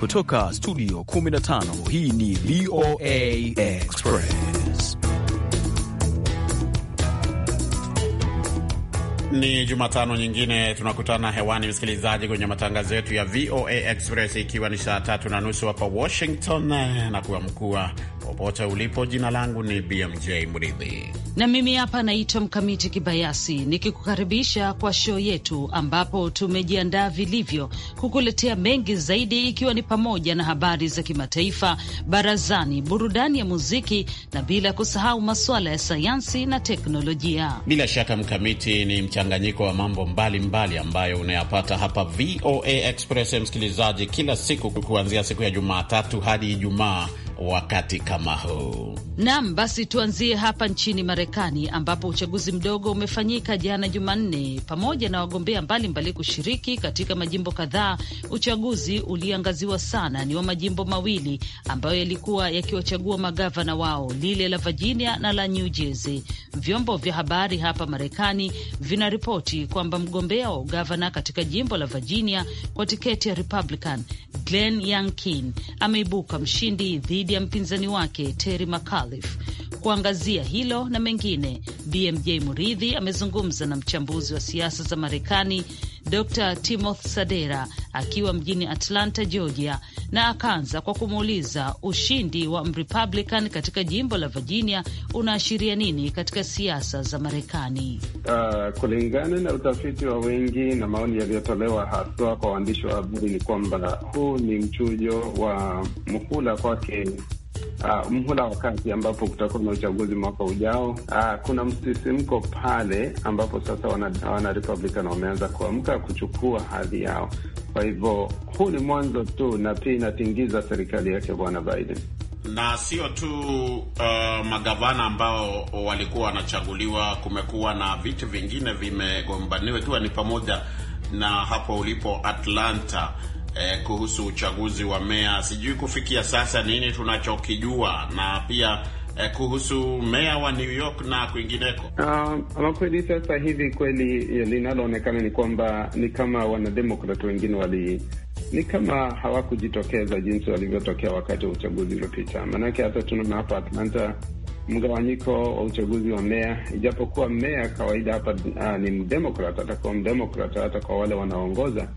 Kutoka studio 15 hii ni VOA Express. Ni Jumatano nyingine tunakutana hewani, msikilizaji, kwenye matangazo yetu ya VOA Express, ikiwa ni saa tatu na nusu hapa Washington eh, na kuamkua popote ulipo. Jina langu ni BMJ Mridhi na mimi hapa naitwa Mkamiti Kibayasi nikikukaribisha kwa shoo yetu, ambapo tumejiandaa vilivyo kukuletea mengi zaidi, ikiwa ni pamoja na habari za kimataifa, barazani, burudani ya muziki na bila kusahau masuala ya sayansi na teknolojia. Bila shaka, Mkamiti, ni mchanganyiko wa mambo mbalimbali mbali ambayo unayapata hapa VOA Express, msikilizaji, kila siku kuanzia siku ya Jumatatu hadi Ijumaa wakati kama huu. Naam, basi tuanzie hapa nchini Marekani ambapo uchaguzi mdogo umefanyika jana Jumanne, pamoja na wagombea mbalimbali kushiriki katika majimbo kadhaa. Uchaguzi uliangaziwa sana ni wa majimbo mawili ambayo yalikuwa yakiwachagua magavana wao, lile la Virginia na la New Jersey. Vyombo vya habari hapa Marekani vinaripoti kwamba mgombea wa ugavana katika jimbo la Virginia kwa tiketi ya Republican Glenn Youngkin ameibuka mshindi dhidi dhidi ya mpinzani wake Terry McAuliffe. Kuangazia hilo na mengine, BMJ Muridhi amezungumza na mchambuzi wa siasa za Marekani Dr Timothy Sadera akiwa mjini Atlanta, Georgia, na akaanza kwa kumuuliza ushindi wa Mrepublican katika jimbo la Virginia unaashiria nini katika siasa za Marekani. Uh, kulingana na utafiti wa wengi na maoni yaliyotolewa haswa kwa waandishi wa habari ni kwamba huu ni mchujo wa mhula kwake uh, ah, mhula wa kati ambapo kutakuwa na uchaguzi mwaka ujao. Uh, kuna msisimko pale ambapo sasa wana, wana Republican wameanza kuamka kuchukua hadhi yao. Kwa hivyo huu ni mwanzo tu, na pia inatingiza serikali yake bwana Biden na sio tu uh, magavana ambao walikuwa wanachaguliwa. Kumekuwa na vitu vingine vimegombaniwa, ikiwa ni pamoja na hapo ulipo Atlanta eh, kuhusu uchaguzi wa meya. Sijui kufikia sasa nini tunachokijua na pia eh, kuhusu meya wa New York na kwingineko. Ah, ama kweli sasa hivi kweli linaloonekana ni kwamba ni kama wanademokrat wengine wali ni kama hawakujitokeza jinsi walivyotokea wakati wa uchaguzi uliopita. Maanake hata tunaona hapa Atlanta mgawanyiko wa uchaguzi wa meya, ijapokuwa meya kawaida hapa uh, ni mdemokrat, atakuwa mdemokrat hata kwa wale wanaoongoza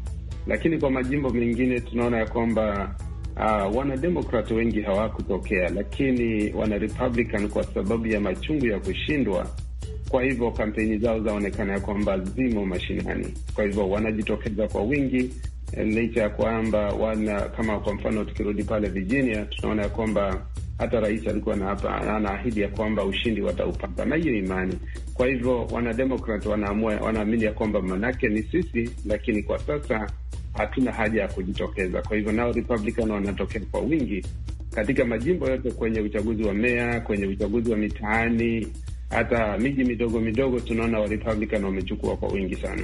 lakini kwa majimbo mengine tunaona ya kwamba uh, wanademokrat wengi hawakutokea, lakini wanarepublican kwa sababu ya machungu ya kushindwa kwa hivyo kampeni zao zaonekana ya kwamba zimo mashinani, kwa hivyo wanajitokeza kwa wingi eh, licha ya kwamba wana kama kwa mfano, tukirudi pale Virginia tunaona ya kwamba hata rais alikuwa na hapa anaahidi ya kwamba ushindi wataupata, na hiyo imani kwa hivyo wanademokrat wanaamua, wanaamini ya kwamba manake ni sisi, lakini kwa sasa hatuna haja ya kujitokeza. Kwa hivyo nao Republican wanatokea kwa wingi katika majimbo yote, kwenye uchaguzi wa meya, kwenye uchaguzi wa mitaani, hata miji midogo midogo, tunaona wa Republican wamechukua kwa wingi sana.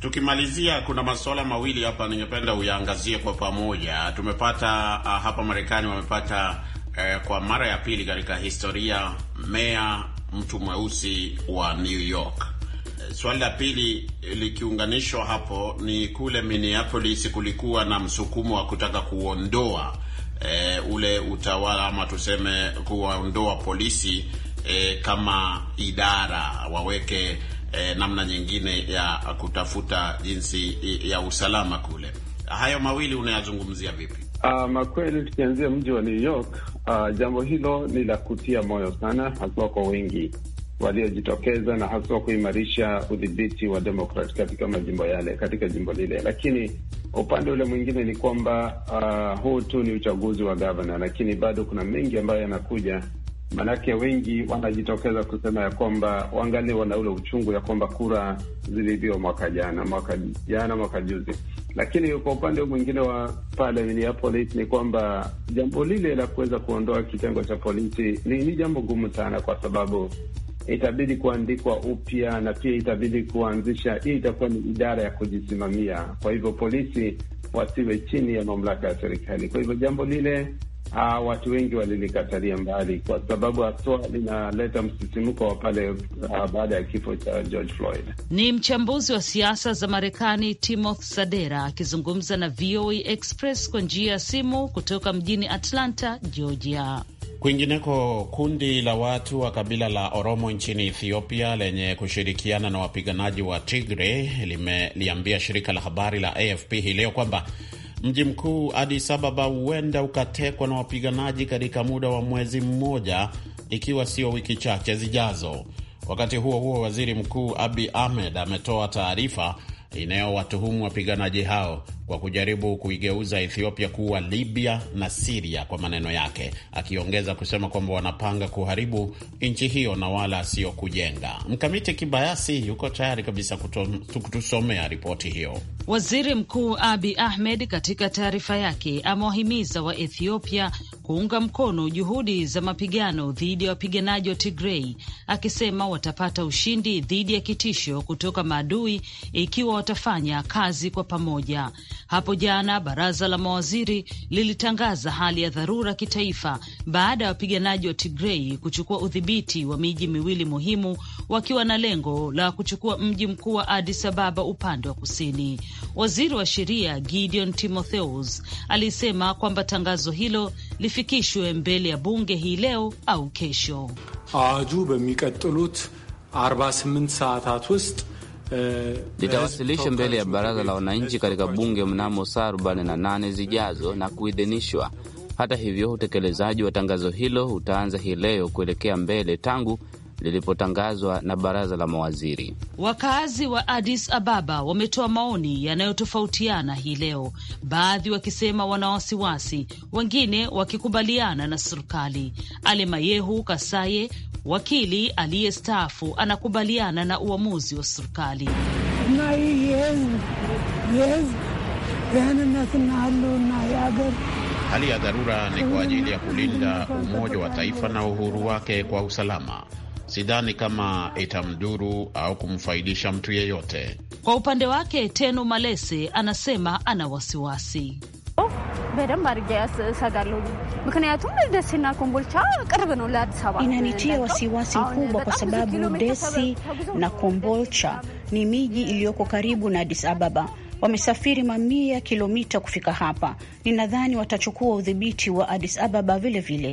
Tukimalizia, kuna masuala mawili hapa ningependa uyaangazie kwa pamoja. Tumepata ah, hapa Marekani wamepata eh, kwa mara ya pili katika historia meya mtu mweusi wa New York. Eh, swali la pili eh, likiunganishwa hapo ni kule Minneapolis, kulikuwa na msukumo wa kutaka kuondoa e, ule utawala ama tuseme kuwaondoa polisi e, kama idara waweke e, namna nyingine ya kutafuta jinsi ya usalama kule. Hayo mawili unayazungumzia vipi? Uh, makweli tukianzia mji wa New York uh, jambo hilo ni la kutia moyo sana, haswa kwa wengi waliojitokeza na haswa kuimarisha udhibiti wa Demokrat katika majimbo yale, katika jimbo lile. Lakini upande ule mwingine ni kwamba uh, huu tu ni uchaguzi wa gavana, lakini bado kuna mengi ambayo yanakuja Maanake wengi wanajitokeza kusema ya kwamba wangali wana ule uchungu ya kwamba kura zilivyo mwaka jana, mwaka jana, mwaka juzi. Lakini kwa upande mwingine wa pale Minneapolis ni kwamba jambo lile la kuweza kuondoa kitengo cha polisi ni, ni jambo gumu sana, kwa sababu itabidi kuandikwa upya na pia itabidi kuanzisha. Hii itakuwa ni idara ya kujisimamia, kwa hivyo polisi wasiwe chini ya mamlaka ya serikali. Kwa hivyo jambo lile aa, ah, watu wengi walilikatalia mbali kwa sababu haswa linaleta msisimko wa pale ah, baada ya kifo cha George Floyd. Ni mchambuzi wa siasa za Marekani Timothy Sadera akizungumza na VOA e Express kwa njia ya simu kutoka mjini Atlanta, Georgia. Kwingineko, kundi la watu wa kabila la Oromo nchini Ethiopia lenye kushirikiana na wapiganaji wa Tigre limeliambia shirika la habari la AFP hii leo kwamba Mji mkuu Addis Ababa huenda ukatekwa na wapiganaji katika muda wa mwezi mmoja, ikiwa sio wiki chache zijazo. Wakati huo huo, waziri mkuu Abi Ahmed ametoa taarifa inayowatuhumu wapiganaji hao kwa kujaribu kuigeuza Ethiopia kuwa Libya na Siria kwa maneno yake, akiongeza kusema kwamba wanapanga kuharibu nchi hiyo na wala sio kujenga. Mkamiti Kibayasi yuko tayari kabisa kutusomea ripoti hiyo. Waziri Mkuu Abi Ahmed katika taarifa yake amewahimiza wa Ethiopia kuunga mkono juhudi za mapigano dhidi ya wapiganaji wa Tigrei, akisema watapata ushindi dhidi ya kitisho kutoka maadui ikiwa watafanya kazi kwa pamoja. Hapo jana baraza la mawaziri lilitangaza hali ya dharura kitaifa baada ya wapiganaji wa Tigrei kuchukua udhibiti wa miji miwili muhimu wakiwa na lengo la kuchukua mji mkuu wa adis Ababa upande wa kusini. Waziri wa sheria Gideon Timotheus alisema kwamba tangazo hilo lifikishwe mbele ya bunge hii leo au kesho. aaju bemiqatlut 48 saatat wust litawasilishwa mbele ya baraza la wananchi katika bunge mnamo saa 48 zijazo na kuidhinishwa. Hata hivyo, utekelezaji wa tangazo hilo utaanza hii leo kuelekea mbele tangu lilipotangazwa na baraza la mawaziri. Wakazi wa Addis Ababa wametoa maoni yanayotofautiana hii leo, baadhi wakisema wana wasiwasi, wengine wakikubaliana na serikali. Alemayehu Kasaye, Wakili aliyestaafu anakubaliana na uamuzi wa serikali. Hali ya dharura ni kwa ajili ya kulinda umoja wa taifa na uhuru wake kwa usalama. Sidhani kama itamdhuru au kumfaidisha mtu yeyote. Kwa upande wake, Tenu Malese anasema ana wasiwasi በደንብ አድርጌ ያሰጋለሁ። ምክንያቱም ደሴና ኮምቦልቻ ቅርብ ነው ለአዲስ አበባ። Inanitia wasiwasi mkubwa kwa sababu Desi na Kombolcha ni miji iliyoko karibu na adis Ababa. Wamesafiri mamia kilomita kufika hapa. Ninadhani watachukua udhibiti wa Addis Ababa vilevile vile.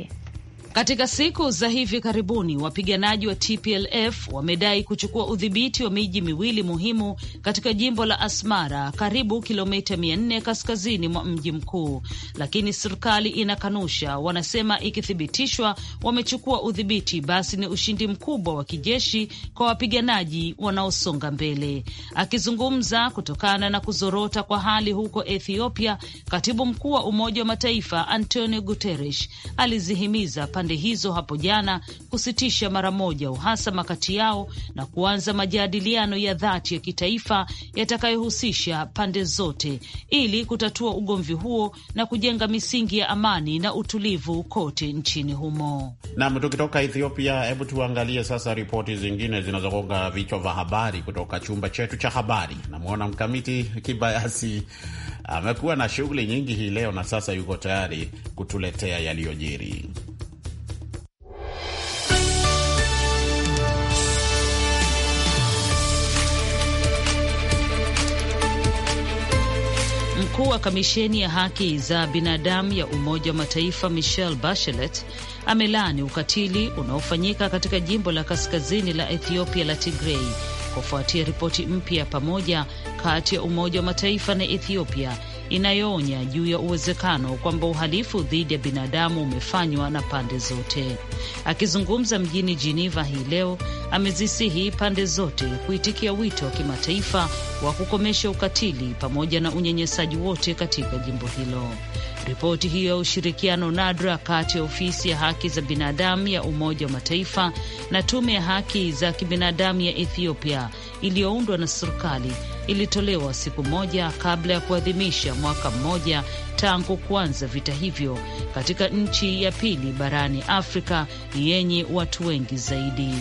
Katika siku za hivi karibuni wapiganaji wa TPLF wamedai kuchukua udhibiti wa miji miwili muhimu katika jimbo la Asmara, karibu kilomita 400 kaskazini mwa mji mkuu, lakini serikali inakanusha. Wanasema ikithibitishwa wamechukua udhibiti, basi ni ushindi mkubwa wa kijeshi kwa wapiganaji wanaosonga mbele. Akizungumza kutokana na kuzorota kwa hali huko Ethiopia, katibu mkuu wa Umoja wa Mataifa Antonio Guterres alizihimiza pande hizo hapo jana kusitisha mara moja uhasama kati yao na kuanza majadiliano ya dhati ya kitaifa yatakayohusisha pande zote ili kutatua ugomvi huo na kujenga misingi ya amani na utulivu kote nchini humo. Nam, tukitoka Ethiopia, hebu tuangalie sasa ripoti zingine zinazogonga vichwa vya habari kutoka chumba chetu cha habari. Namwona Mkamiti Kibayasi amekuwa na shughuli nyingi hii leo na sasa yuko tayari kutuletea yaliyojiri. Mkuu wa kamisheni ya haki za binadamu ya Umoja wa Mataifa Michelle Bachelet amelaani ukatili unaofanyika katika jimbo la kaskazini la Ethiopia la Tigrei kufuatia ripoti mpya pamoja kati ya Umoja wa Mataifa na Ethiopia inayoonya juu ya uwezekano kwamba uhalifu dhidi ya binadamu umefanywa na pande zote. Akizungumza mjini Geneva hii leo, amezisihi pande zote kuitikia wito wa kimataifa wa kukomesha ukatili pamoja na unyenyesaji wote katika jimbo hilo. Ripoti hiyo ya ushirikiano nadra kati ya ofisi ya haki za binadamu ya Umoja wa Mataifa na tume ya haki za kibinadamu ya Ethiopia iliyoundwa na serikali ilitolewa siku moja kabla ya kuadhimisha mwaka mmoja tangu kuanza vita hivyo katika nchi ya pili barani Afrika yenye watu wengi zaidi.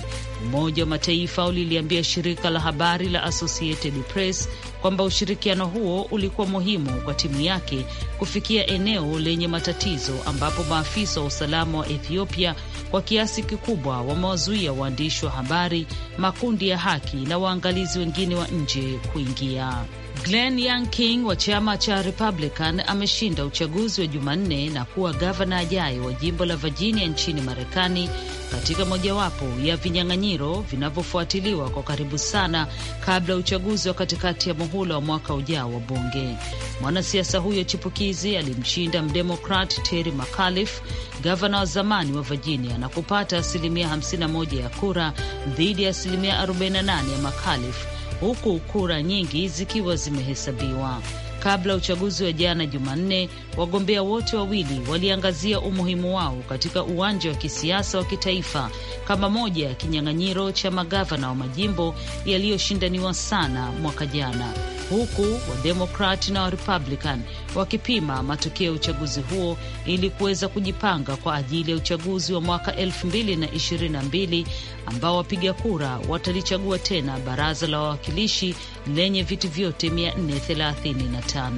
Umoja wa Mataifa uliliambia shirika la habari la Associated Press kwamba ushirikiano huo ulikuwa muhimu kwa timu yake kufikia eneo lenye matatizo ambapo maafisa wa usalama wa Ethiopia kwa kiasi kikubwa wamewazuia waandishi wa habari, makundi ya haki na waangalizi wengine wa nje kuingia. Glenn King wa chama cha Republican ameshinda uchaguzi wa Jumanne na kuwa gavana ajaye wa jimbo la Virginia nchini Marekani katika mojawapo ya vinyang'anyiro vinavyofuatiliwa kwa karibu sana kabla ya uchaguzi wa katikati ya muhula wa mwaka ujao wa bunge. Mwanasiasa huyo chipukizi alimshinda mdemokrat Terry McAuliffe, gavana wa zamani wa Virginia, na kupata asilimia 51 ya kura dhidi ya asilimia 48 ya McAuliffe huku kura nyingi zikiwa zimehesabiwa. Kabla uchaguzi wa jana Jumanne, wagombea wote wawili waliangazia umuhimu wao katika uwanja wa kisiasa wa kitaifa kama moja ya kinyang'anyiro cha magavana wa majimbo yaliyoshindaniwa sana mwaka jana huku Wademokrat na Warepublican wakipima matokeo ya uchaguzi huo ili kuweza kujipanga kwa ajili ya uchaguzi wa mwaka 2022 ambao wapiga kura watalichagua tena baraza la wawakilishi lenye viti vyote 435.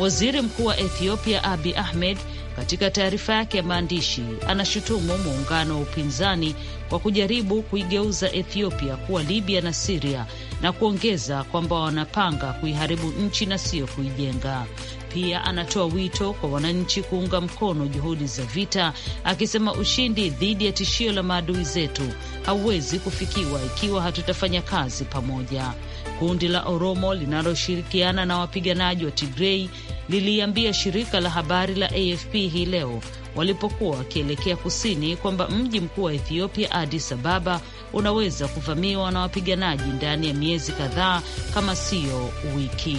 Waziri Mkuu wa Ethiopia Abi Ahmed katika taarifa yake ya maandishi anashutumu muungano wa upinzani kwa kujaribu kuigeuza Ethiopia kuwa Libya na Siria na kuongeza kwamba wanapanga kuiharibu nchi na sio kuijenga. Pia anatoa wito kwa wananchi kuunga mkono juhudi za vita, akisema ushindi dhidi ya tishio la maadui zetu hauwezi kufikiwa ikiwa hatutafanya kazi pamoja. Kundi la Oromo linaloshirikiana na wapiganaji wa Tigrei liliambia shirika la habari la AFP hii leo walipokuwa wakielekea kusini kwamba mji mkuu wa Ethiopia, Addis Ababa, unaweza kuvamiwa na wapiganaji ndani ya miezi kadhaa kama siyo wiki.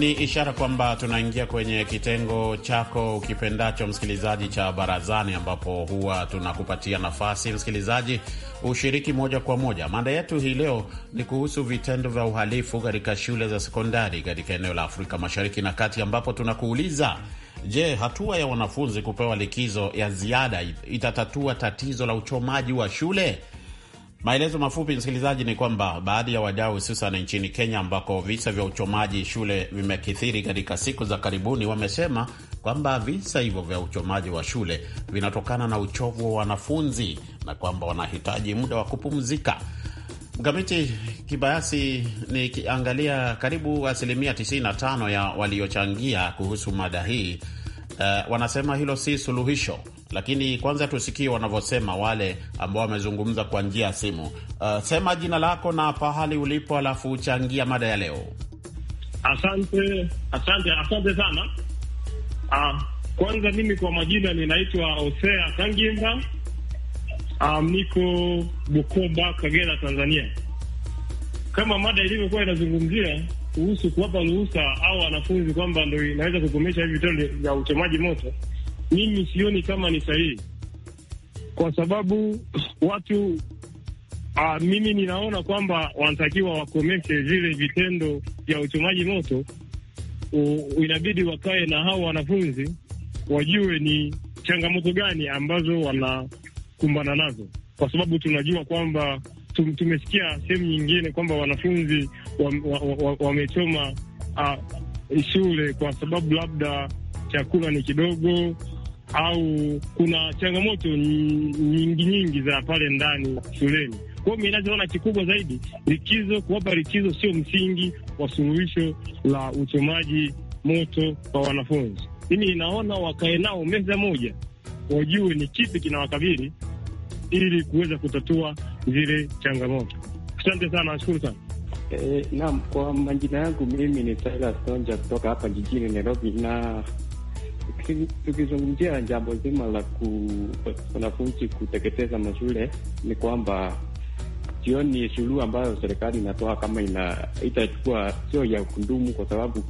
Ni ishara kwamba tunaingia kwenye kitengo chako ukipendacho msikilizaji cha barazani, ambapo huwa tunakupatia nafasi msikilizaji ushiriki moja kwa moja. Mada yetu hii leo ni kuhusu vitendo vya uhalifu katika shule za sekondari katika eneo la Afrika Mashariki na Kati, ambapo tunakuuliza Je, hatua ya wanafunzi kupewa likizo ya ziada itatatua tatizo la uchomaji wa shule? Maelezo mafupi, msikilizaji, ni kwamba baadhi ya wadau hususan nchini Kenya ambako visa vya uchomaji shule vimekithiri katika siku za karibuni wamesema kwamba visa hivyo vya uchomaji wa shule vinatokana na uchovu wa wanafunzi na kwamba wanahitaji muda wa kupumzika. Mkamiti Kibayasi, nikiangalia karibu asilimia 95 ya waliochangia kuhusu mada hii, uh, wanasema hilo si suluhisho lakini kwanza tusikie wanavyosema wale ambao wamezungumza kwa njia ya simu. Uh, sema jina lako na pahali ulipo, alafu uchangia mada ya leo. Asante, asante, asante sana. Uh, kwanza mimi kwa majina ninaitwa Osea Kangimba. Um, niko Bukoba, Kagera, Tanzania. Kama mada ilivyokuwa inazungumzia kuhusu kuwapa ruhusa au wanafunzi kwamba ndio inaweza kukomesha hivi vitendo vya uchomaji moto mimi sioni kama ni sahihi, kwa sababu watu a, ah, mimi ninaona kwamba wanatakiwa wakomeshe vile vitendo vya uchomaji moto. Inabidi wakae na hao wanafunzi, wajue ni changamoto gani ambazo wanakumbana nazo, kwa sababu tunajua kwamba tumesikia sehemu nyingine kwamba wanafunzi wamechoma wa, wa, wa, wa uh, ah, shule kwa sababu labda chakula ni kidogo au kuna changamoto nyingi nyingi za pale ndani shuleni. Kwa hiyo mimi nachoona kikubwa zaidi, likizo, kuwapa likizo sio msingi wa suluhisho la uchomaji moto kwa wanafunzi. Mimi inaona wakae nao meza moja, wajue ni kipi kinawakabili ili kuweza kutatua zile changamoto. Asante sana, nashukuru sana. Eh, naam, kwa majina yangu mimi ni Tyler Sonja kutoka hapa jijini Nairobi na Tukizungumzia jambo zima la wanafunzi ku, kuteketeza mashule ni kwamba sioni suluhu ambayo serikali inatoa kama ina itachukua, sio ya kundumu, kwa sababu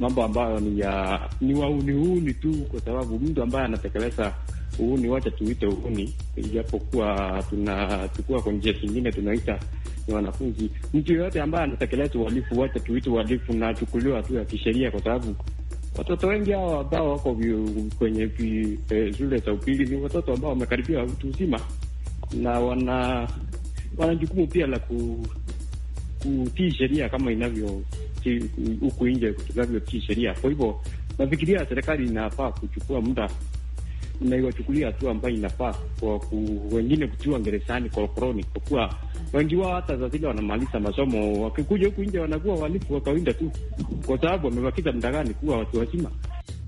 mambo ambayo ni ya ni wauni huni tu, kwa sababu mtu ambaye anatekeleza uhuni, wacha tuite uhuni, ijapokuwa tunachukua kwa njia zingine, tunaita ni wanafunzi. Mtu yoyote ambaye anatekeleza uhalifu, wacha tuite uhalifu, na achukuliwa tu ya kisheria, kwa sababu Watoto wengi hawa ambao wako kwenye eh, shule za upili ni watoto ambao wamekaribia utu uzima na wana wana jukumu pia la ku, kutii sheria kama inavyo huku nje inavyotii sheria. Kwa hivyo nafikiria serikali inafaa kuchukua muda naiwachukulia hatua ambayo inafaa kwa wengine kutiwa ngeresani kwa koroni, kwa kuwa wengi wao hata zazile zile wanamaliza masomo wakikuja huku nje wanakuwa walifu wakawinda tu, kwa sababu wamebakiza mdagani kuwa watu wazima.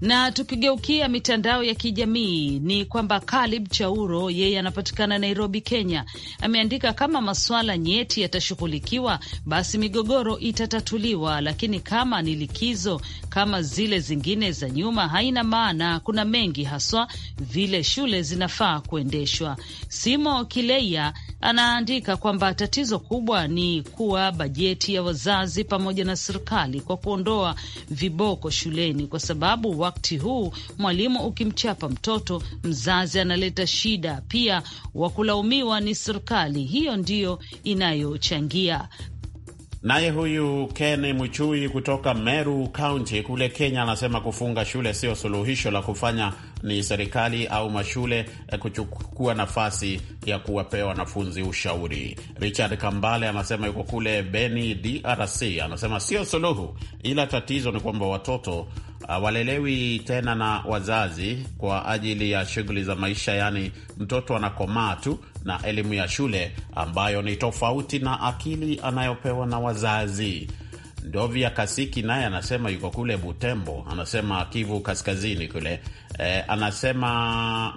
Na tukigeukia mitandao ya kijamii ni kwamba Kalib Chauro, yeye anapatikana Nairobi, Kenya, ameandika kama masuala nyeti yatashughulikiwa, basi migogoro itatatuliwa, lakini kama ni likizo kama zile zingine za nyuma, haina maana. Kuna mengi haswa vile shule zinafaa kuendeshwa. Simo Kileia anaandika kwamba tatizo kubwa ni kuwa bajeti ya wazazi pamoja na serikali kwa kuondoa viboko shuleni kwa sababu wakati huu mwalimu ukimchapa mtoto, mzazi analeta shida pia, wa kulaumiwa ni serikali, hiyo ndiyo inayochangia. Naye huyu Ken Mchui kutoka Meru Kaunti kule Kenya anasema kufunga shule sio suluhisho la kufanya ni serikali au mashule eh, kuchukua nafasi ya kuwapea wanafunzi ushauri. Richard Kambale anasema yuko kule Beni, DRC. Anasema sio suluhu, ila tatizo ni kwamba watoto hawalelewi ah, tena na wazazi kwa ajili ya shughuli za maisha, yaani mtoto anakomaa tu na elimu ya shule ambayo ni tofauti na akili anayopewa na wazazi. Dovia Kasiki naye anasema yuko kule Butembo, anasema Kivu Kaskazini kule e, anasema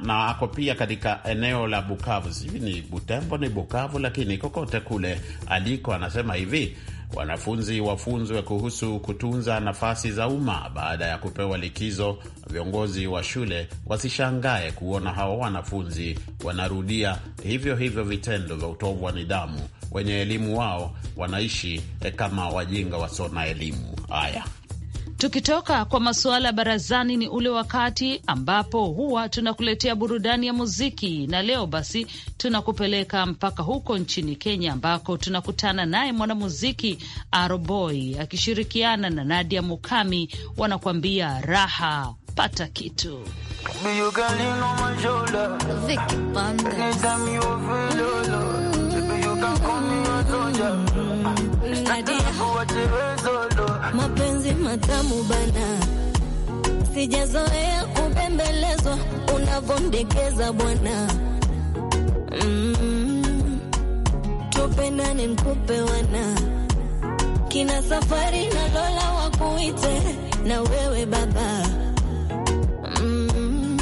na ako pia katika eneo la Bukavu, sijui ni Butembo ni Bukavu, lakini kokote kule aliko, anasema hivi wanafunzi wafunzwe kuhusu kutunza nafasi za umma baada ya kupewa likizo. Viongozi wa shule wasishangae kuona hawa wanafunzi wanarudia hivyo hivyo vitendo vya utovu wa nidhamu wenye elimu wao wanaishi e, kama wajinga wasona elimu. Haya, tukitoka kwa masuala ya barazani, ni ule wakati ambapo huwa tunakuletea burudani ya muziki, na leo basi tunakupeleka mpaka huko nchini Kenya, ambako tunakutana naye mwanamuziki Aroboy akishirikiana na Nadia Mukami, wanakuambia raha pata kitu Biyugalino no mapenzi matamu bana, sijazoea kupembelezwa unavondekeza bwana mm, tupendane nkupe wana kina safari na Lola wakuite na wewe baba mm,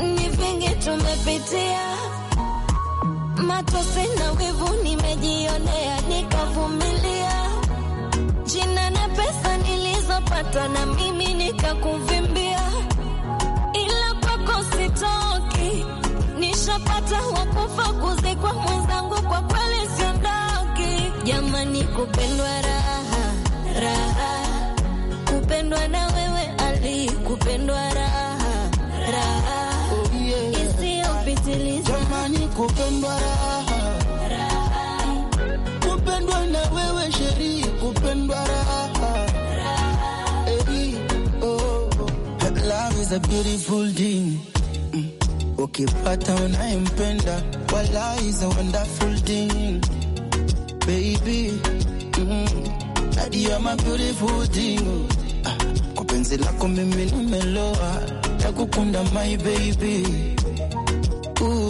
ni vingi tumepitia, matosi na wivu nimejionea ukapatwa na mimi nikakuvimbia, ila kwako sitoki, nishapata wakufa kuzikwa mwenzangu, kwa kweli siondoki. Jamani, kupendwa raha raha, kupendwa na wewe Ali, kupendwa raha raha Oh, yeah. isiyopitiliza. Jamani, kupendwa raha is a beautiful thing. Mm. Ukipata unayempenda, wala is a wonderful thing. Baby, mm, hadi ya ma beautiful thing. Ah, kwa penzi lako mimi nimeloa, takukunda my baby. Ooh.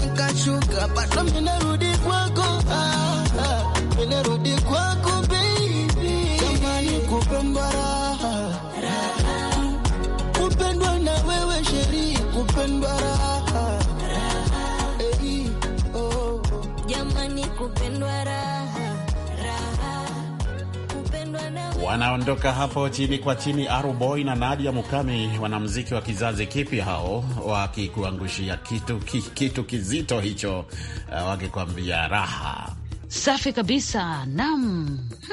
nikashuka, bado mimi narudi Wanaondoka hapo chini kwa chini, Aruboy na Nadia Mukami, wanamziki wa kizazi kipya hao, wakikuangushia kitu, kitu kizito hicho, uh, wakikwambia raha safi kabisa. Nam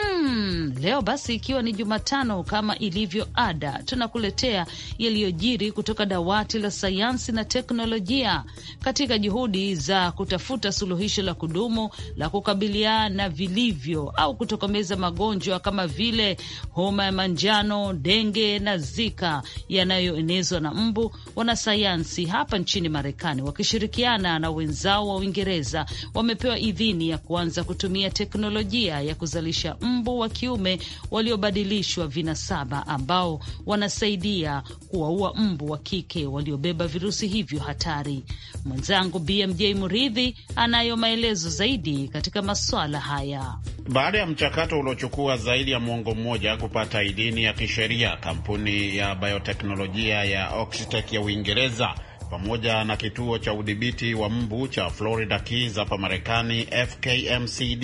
Hmm, leo basi ikiwa ni Jumatano kama ilivyo ada, tunakuletea yaliyojiri kutoka dawati la sayansi na teknolojia katika juhudi za kutafuta suluhisho la kudumu la kukabiliana na vilivyo au kutokomeza magonjwa kama vile homa ya manjano, denge na Zika yanayoenezwa na mbu. Wanasayansi hapa nchini Marekani wakishirikiana na wenzao wa Uingereza wamepewa idhini ya kuanza kutumia teknolojia ya kuzalisha mbu mbu wa kiume waliobadilishwa vinasaba ambao wanasaidia kuwaua mbu wa kike waliobeba virusi hivyo hatari. Mwenzangu BMJ Muridhi anayo maelezo zaidi katika masuala haya. Baada ya mchakato uliochukua zaidi ya mwongo mmoja kupata idhini ya kisheria, kampuni ya bioteknolojia ya Oxitec ya Uingereza pamoja na kituo cha udhibiti wa mbu cha Florida Keys hapa Marekani, FKMCD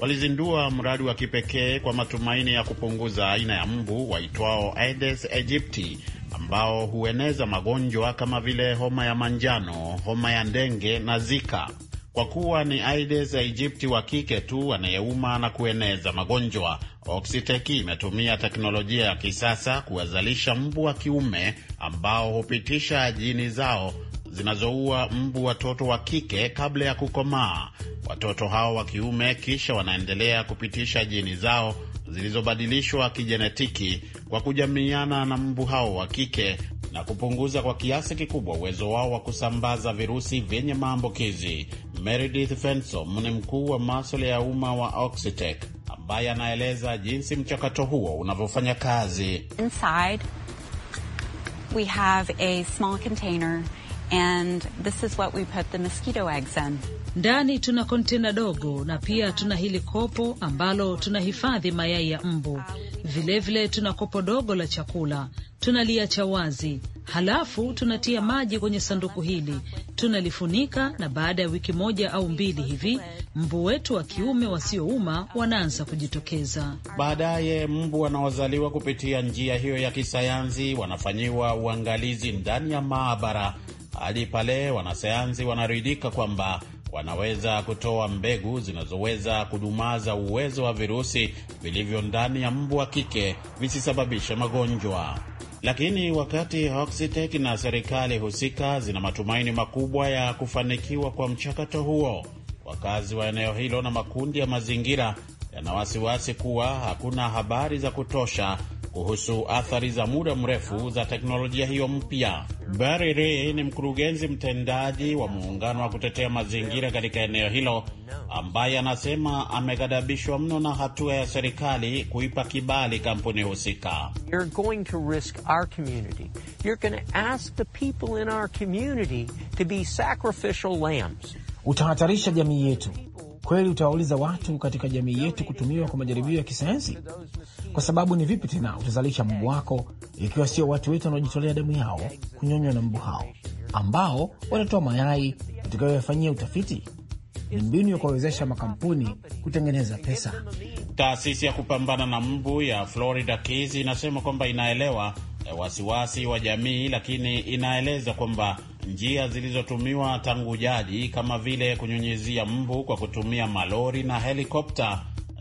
walizindua mradi wa kipekee kwa matumaini ya kupunguza aina ya mbu waitwao Aedes aegypti ambao hueneza magonjwa kama vile homa ya manjano, homa ya ndenge na Zika. Kwa kuwa ni Aedes aegypti wa kike tu anayeuma na kueneza magonjwa, Oxiteki imetumia teknolojia ya kisasa kuwazalisha mbu wa kiume ambao hupitisha jini zao zinazoua mbu watoto wa kike kabla ya kukomaa. Watoto hao wa kiume kisha wanaendelea kupitisha jini zao zilizobadilishwa kijenetiki kwa kujamiana na mbu hao wa kike na kupunguza kwa kiasi kikubwa uwezo wao wa kusambaza virusi vyenye maambukizi. Meredith Fensom ni mkuu wa maswala ya umma wa Oxitec ambaye anaeleza jinsi mchakato huo unavyofanya kazi. Inside, we have a small container And this is what we put the mosquito eggs in. Ndani tuna kontena dogo na pia tuna hili kopo ambalo tunahifadhi mayai ya mbu. Vilevile tuna kopo dogo la chakula tunaliacha wazi, halafu tunatia maji kwenye sanduku hili, tunalifunika, na baada ya wiki moja au mbili hivi mbu wetu wa kiume wasiouma wanaanza kujitokeza. Baadaye mbu wanaozaliwa kupitia njia hiyo ya kisayansi wanafanyiwa uangalizi ndani ya maabara hadi pale wanasayansi wanaridhika kwamba wanaweza kutoa mbegu zinazoweza kudumaza uwezo wa virusi vilivyo ndani ya mbu wa kike visisababishe magonjwa. Lakini wakati Oxitec na serikali husika zina matumaini makubwa ya kufanikiwa kwa mchakato huo, wakazi wa eneo hilo na makundi ya mazingira yana wasiwasi kuwa hakuna habari za kutosha kuhusu athari za muda mrefu za teknolojia hiyo mpya. Barry Ray ni mkurugenzi mtendaji wa muungano wa kutetea mazingira katika eneo hilo, ambaye anasema amegadhabishwa mno na hatua ya serikali kuipa kibali kampuni husika. Utahatarisha jamii yetu Kweli utawauliza watu katika jamii yetu kutumiwa kwa majaribio ya kisayansi, kwa sababu ni vipi tena utazalisha mbu wako ikiwa sio watu wetu wanaojitolea damu yao kunyonywa na mbu hao ambao watatoa mayai utakayoyafanyia utafiti? Ni mbinu ya kuwawezesha makampuni kutengeneza pesa. Taasisi ya kupambana na mbu ya Florida Keys inasema kwamba inaelewa eh, wasiwasi wa jamii, lakini inaeleza kwamba njia zilizotumiwa tangu jadi kama vile kunyunyizia mbu kwa kutumia malori na helikopta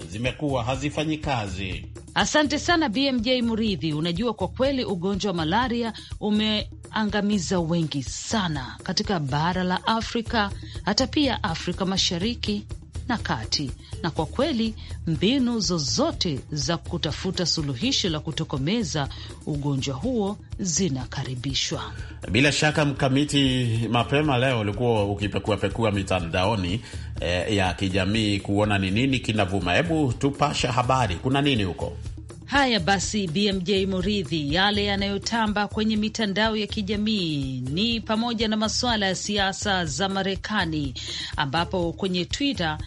zimekuwa hazifanyi kazi. Asante sana BMJ Muridhi. Unajua, kwa kweli ugonjwa wa malaria umeangamiza wengi sana katika bara la Afrika, hata pia Afrika Mashariki na kati, na kwa kweli mbinu zozote za kutafuta suluhisho la kutokomeza ugonjwa huo zinakaribishwa. Bila shaka, Mkamiti, mapema leo ulikuwa ukipekuapekua mitandaoni eh, ya kijamii kuona ni nini kinavuma. Hebu tupasha habari, kuna nini huko? Haya basi, BMJ Muridhi, yale yanayotamba kwenye mitandao ya kijamii ni pamoja na masuala ya siasa za Marekani, ambapo kwenye Twitter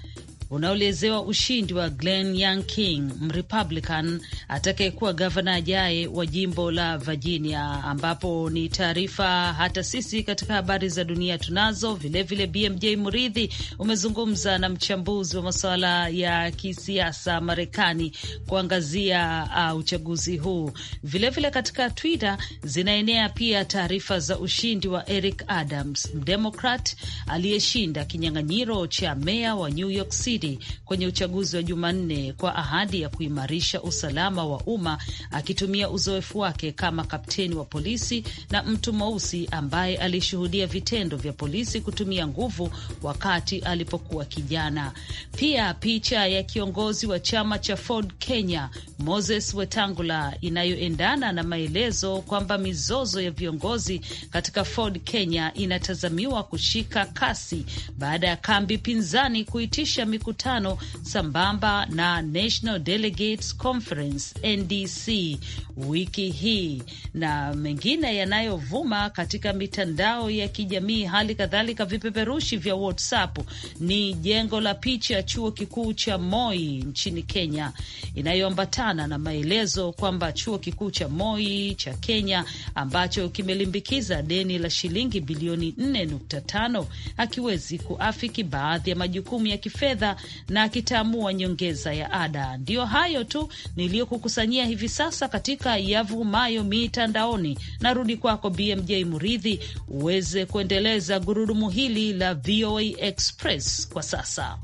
unaoelezewa ushindi wa Glenn King, Mrepublican atakayekuwa gavana ajaye wa jimbo la Virginia, ambapo ni taarifa hata sisi katika habari za dunia tunazo vilevile. Vile BMJ Muridhi umezungumza na mchambuzi wa masuala ya kisiasa Marekani kuangazia uh, uchaguzi huu. Vilevile vile katika Twitter zinaenea pia taarifa za ushindi wa Eric Adams, Mdemokrat aliyeshinda kinyang'anyiro cha meya wa New York City ushindi kwenye uchaguzi wa Jumanne kwa ahadi ya kuimarisha usalama wa umma akitumia uzoefu wake kama kapteni wa polisi na mtu mweusi ambaye alishuhudia vitendo vya polisi kutumia nguvu wakati alipokuwa kijana. Pia picha ya kiongozi wa chama cha Ford Kenya Moses Wetangula inayoendana na maelezo kwamba mizozo ya viongozi katika Ford Kenya inatazamiwa kushika kasi baada ya kambi pinzani kuitisha mkutano sambamba na National Delegates Conference NDC wiki hii na mengine yanayovuma katika mitandao ya kijamii, hali kadhalika vipeperushi vya WhatsApp ni jengo la picha ya chuo kikuu cha Moi nchini Kenya inayoambatana na maelezo kwamba chuo kikuu cha Moi cha Kenya ambacho kimelimbikiza deni la shilingi bilioni 4.5 hakiwezi kuafiki baadhi ya majukumu ya kifedha na kitaamua nyongeza ya ada. Ndiyo hayo tu niliyokukusanyia hivi sasa katika yavumayo mitandaoni. Narudi kwako BMJ Muridhi uweze kuendeleza gurudumu hili la VOA Express kwa sasa.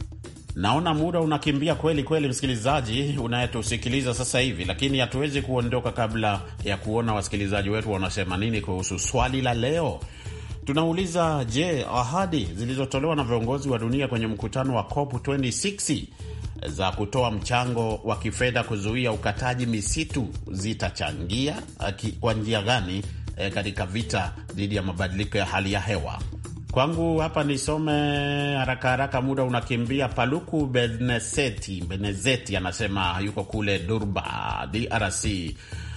Naona muda unakimbia kweli kweli, msikilizaji unayetusikiliza sasa hivi, lakini hatuwezi kuondoka kabla ya kuona wasikilizaji wetu wanasema nini kuhusu swali la leo. Tunauliza, je, ahadi zilizotolewa na viongozi wa dunia kwenye mkutano wa COP 26 za kutoa mchango wa kifedha kuzuia ukataji misitu zitachangia kwa njia gani eh, katika vita dhidi ya mabadiliko ya hali ya hewa? Kwangu hapa nisome haraka haraka, muda unakimbia. Paluku Benezeti, Benezeti anasema yuko kule Durba, DRC.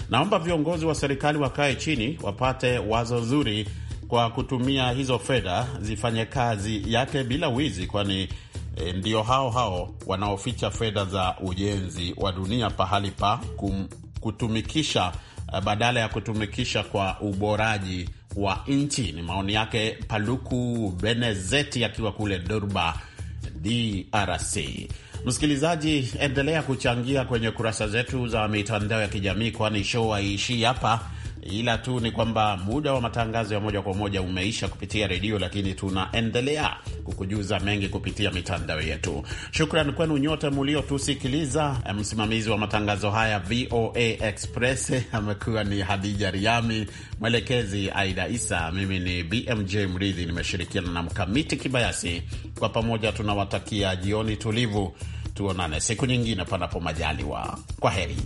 Naomba viongozi wa serikali wakae chini, wapate wazo zuri kwa kutumia hizo fedha zifanye kazi yake bila wizi, kwani e, ndio hao hao wanaoficha fedha za ujenzi wa dunia pahali pa kum, kutumikisha eh, badala ya kutumikisha kwa uboraji wa nchi. Ni maoni yake Paluku Benezeti akiwa kule Durba, DRC. Msikilizaji, endelea kuchangia kwenye kurasa zetu za mitandao ya kijamii, kwani show haiishii hapa ila tu ni kwamba muda wa matangazo ya moja kwa moja umeisha kupitia redio, lakini tunaendelea kukujuza mengi kupitia mitandao yetu. Shukran kwenu nyote muliotusikiliza. Msimamizi wa matangazo haya VOA Express amekuwa ni Hadija Riami, mwelekezi Aida Isa, mimi ni BMJ Mridhi, nimeshirikiana na Mkamiti Kibayasi. Kwa pamoja tunawatakia jioni tulivu, tuonane siku nyingine panapo majaliwa. Kwa heri.